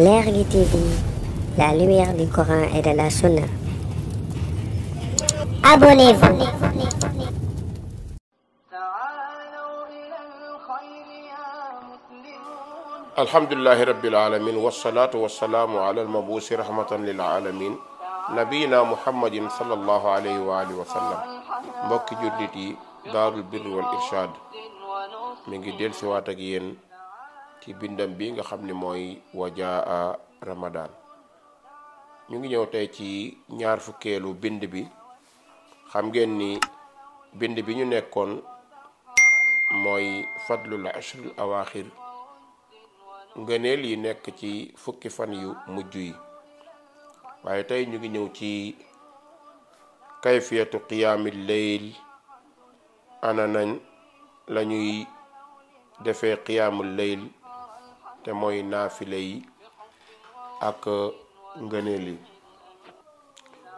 L'air du TV, la lumière du Coran et de la Sunna. Abonnez-vous. Alhamdulillah Rabbil Alamin, wa salatu wa salamu ala al-mabousi rahmatan lil alamin. Nabina Muhammadin sallallahu alayhi wa alayhi wa sallam. Mbokki jurditi, darul birri wal irshad. Mingi wa ci bindam bi nga xam ni mooy wajaa ramadan ñu ngi ñëw tey ci ñaar fukkeelu bind bi xam ngeen ni bind bi ñu nekkoon mooy fadlul ashril awaaxir ngëneel yi nekk ci fukki fan yu mujj yi waaye tey ñu ngi ñëw ci kayfiyatu qiyaamil leyl ana nañ la ñuy defee qiyaamul leyl te mooy naafile yi ak euh, ngëneel yi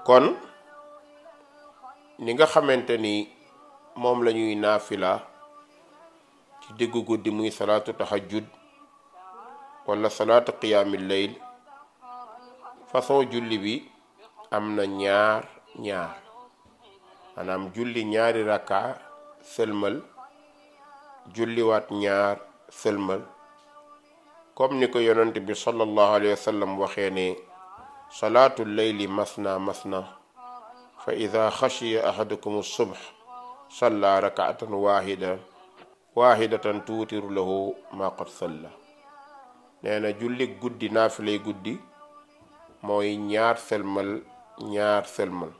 kon ni nga xamante ni moom lañuy naafila ci diggu guddi muy salaatu tahajjud wala salaatu qiyaamil layl façon julli bi am na ñaar ñaar maanaam julli ñaari rakka sëlmal julliwaat ñaar sëlmal كم نكو يننت صلى الله عليه وسلم وخيني صلاة الليل مثنى مثنى فإذا خشي أحدكم الصبح صلى ركعة واحدة واحدة توتر له ما قد صلى نانا جولي قدي نافلي قدي موي نيار سلمل نيار سلمل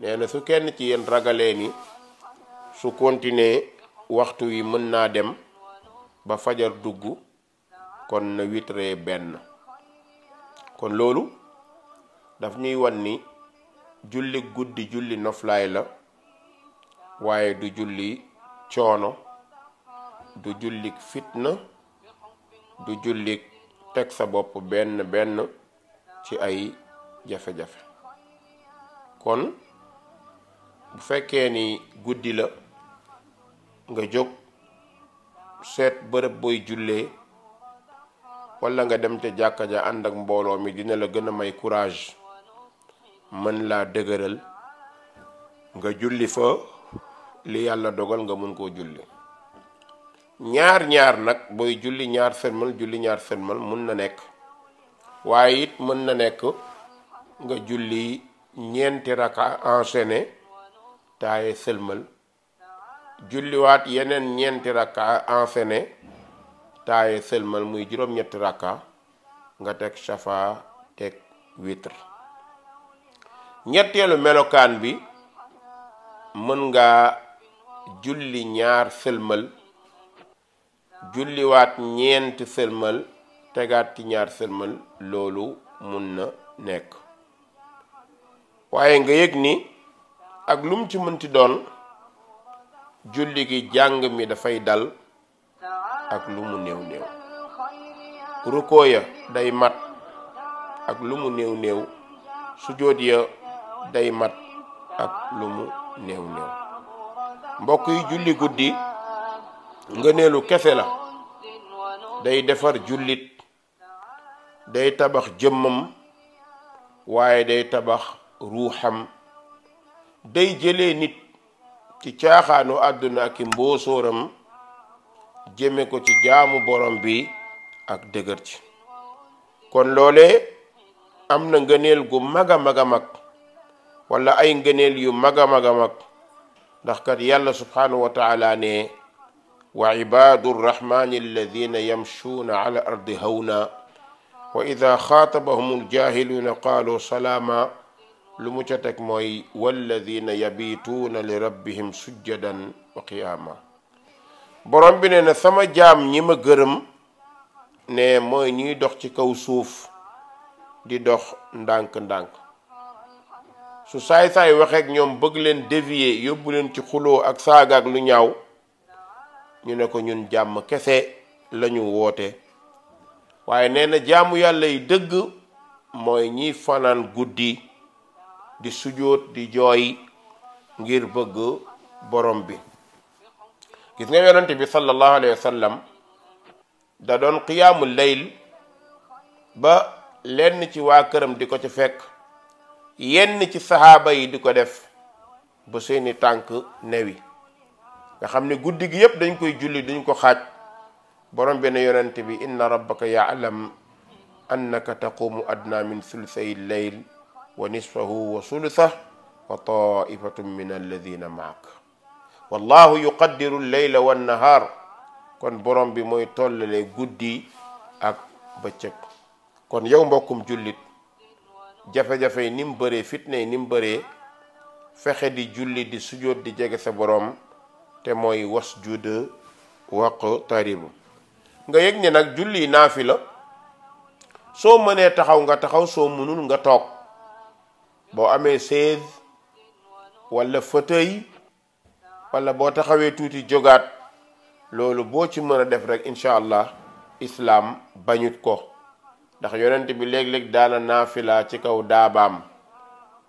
نانا سو كان تيين رغليني سو كونتيني وقتو يمنا دم بفجر دوغو kon na witre benn kon loolu daf ñuy wan ni julli guddi julli noflaay la waaye du julli coono du julli fitna du julli teg sa bopp benn benn ci ay jafe-jafe kon bu fekkee ni guddi la nga jóg seet bërëb boy jullee wala nga dem te jàkka ja ànd ak mbooloo mi dina la gën a may courage mën laa dëgëral nga julli fa li yàlla dogal nga mën koo julli ñaar ñaar nag booy julli ñaar sërmal julli ñaar sërmal mun na nekk waaye it mën na nekk nga julli ñeenti raka enchaîné taaye sëlmal julliwaat yeneen ñeenti raka enchaîné taaye sëlmal muy juróom-ñetti rakka nga teg chafa teg witr ñetteelu melokaan bi mën nga julli ñaar sëlmal julliwaat ñeenti sëlmal tegaat ñaar sëlmal loolu mun na nekk waaye nga yëg ni ak lum ci mënti doon julli gi jàng mi dafay dal ak lu mu néew néew rukoo ya day mat ak lu mu néew néew sujoot day mat ak lu néew néew mbokk yi julli guddi ngëneelu kese la day defar jullit day tabax jëmmam waaye day tabax ruuxam day jële nit ci caaxaanu àdduna ak i mboosóoram jëme ko ci jaamu borom bi ak dëgër ci kon lolé amna ngeenel gu maga maga mag wala ay ngeenel yu maga maga mag ndax kat yàlla subhanahu wa taala ne wa ibadur rahman alladhina yamshuna ala ardi hawna wa idha xaatabahum aljahiluuna qalu salama lumu ca tek moy walladhina yabituna li rabbihim sujjadan wa qiyama borom bi ne na sama jaam ñi ma gërëm ne mooy ñuy dox ci kaw suuf di dox ndànk-ndànk su saay-saay waxeek ñoom bëgg leen dévier yóbbu leen ci xuloo ak saaga lu ñaaw ñu ne ko ñun jàmm kese lañu woote waaye nee na jaamu yàlla dëgg mooy ñiy fanaan guddi di sujjóot di jooy ngir bëgg borom bi gis nga yonent bi sallallahu alayhi wasallam da don qiyamul layl ba lenn ci wa kërëm di ko ci fekk yenn ci sahaba yi di ko def bu seeni tànk newi nga xam ne guddi gi yépp dañ koy julli duñ ko xaaj borom benn yonent bi inna rabbaka ya'lam annaka taqumu adna min sulusay layl wa nisfahu wa sulusa wa ta'ifatun min alladina maak والله يقدر الليل والنهار كون بروم بي موي تول لي غودي اك بتيك كون يوم بوكم جوليت جافا جافا نيم بري فتنه نيم بري فخه دي جولي دي سجود دي جيغي سا بروم تي موي وسجود وق تاريب nga yeg ni nak julli nafi la so mene taxaw nga taxaw so munul nga tok bo amé 16 wala fauteuil wala boo taxawee tuuti jógaat loolu boo ci mën a def rek incha allah islaam bañut ko ndax yonent bi léeg-léeg daana naafila ci kaw daabaam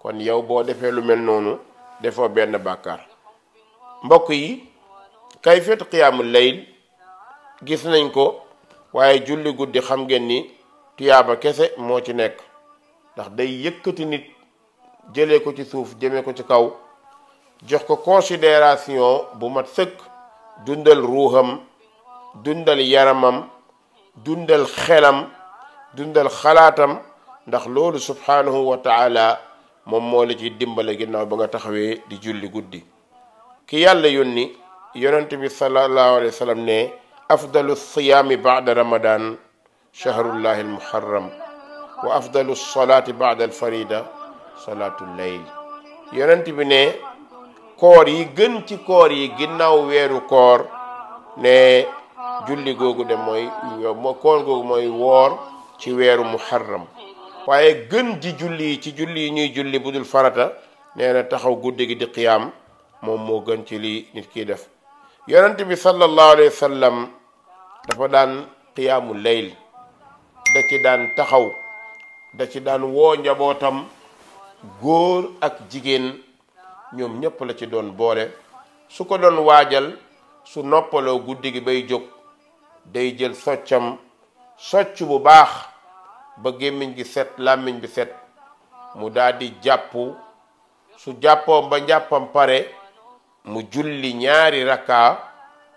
kon yow boo defee lu mel noonu defoo benn bàkkaar mbokk yi kayfiyat qiyaamu layl gis nañ ko waaye julli guddi xam ngeen ni tuyaaba kese moo ci nekk ndax day yëkkati nit jëlee ko ci suuf jëmee ko ci kaw jox ko considération bu mat sëkk dundal ruham dundal yaramam dundal xelam dundal khalatam ndax loolu subhanahu wa taala moom moo la ci dimbale ginnaaw ba nga taxawee di julli guddi ki yàlla yónni yonent bi sallallahu alayhi wa ne afdalu siyaami baada ramadan shahrullahi almuharram wa afdalu salaati baada alfarida salaatu leyl yonent bi koor yi gën ci koor yi ginnaaw weeru koor ne julli googu de mooy koor googu mooy woor ci weeru muharram waaye gën ji julli yi ci julli yi ñuy julli bu budul farata nee taxaw guddi gi di qiyaam moom moo gën ci lii nit kiy def yonent bi sallallahu alayhi wa dafa daan qiyaamu layl da ci daan taxaw da ci daan woo njabootam góor ak jigéen ñoom ñépp la ci doon boole su ko doon waajal su noppaloo guddi gi bay jóg day jël soccam socc bu baax ba gémmiñ gi set làmmiñ bi set mu daldi jàpp su jàppoom ba jàppam pare mu julli ñaari rakkaa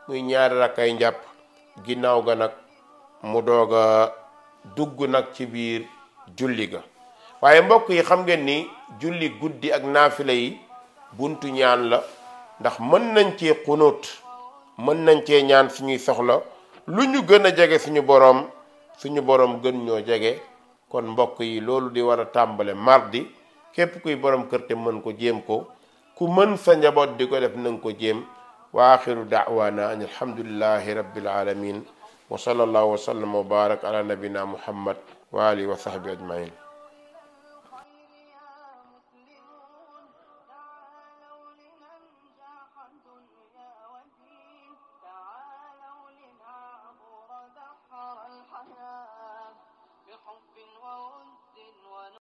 muy ñaari rakkaay njàpp ginnaaw ga nag mu doog a dugg nag ci biir julli ga waaye mbokk yi xam ngeen ni julli guddi ak naafila yi buntu ñaan la ndax mën nañ cee xunóot mën nañ cee ñaan suñuy soxla lu ñu gën a jege suñu boroom suñu boroom gën ñoo jege kon mbokk yi loolu di war a tàmbale mardi képp kuy boroom kër te mën ko jéem ko ku mën sa njaboot di ko def nañ ko jéem wa axiru daawaana an alhamdulillahi rabbil alamin wa sallallahu wa sallam wa barak ala nabina muhammad wa alihi wa sahbi ajmain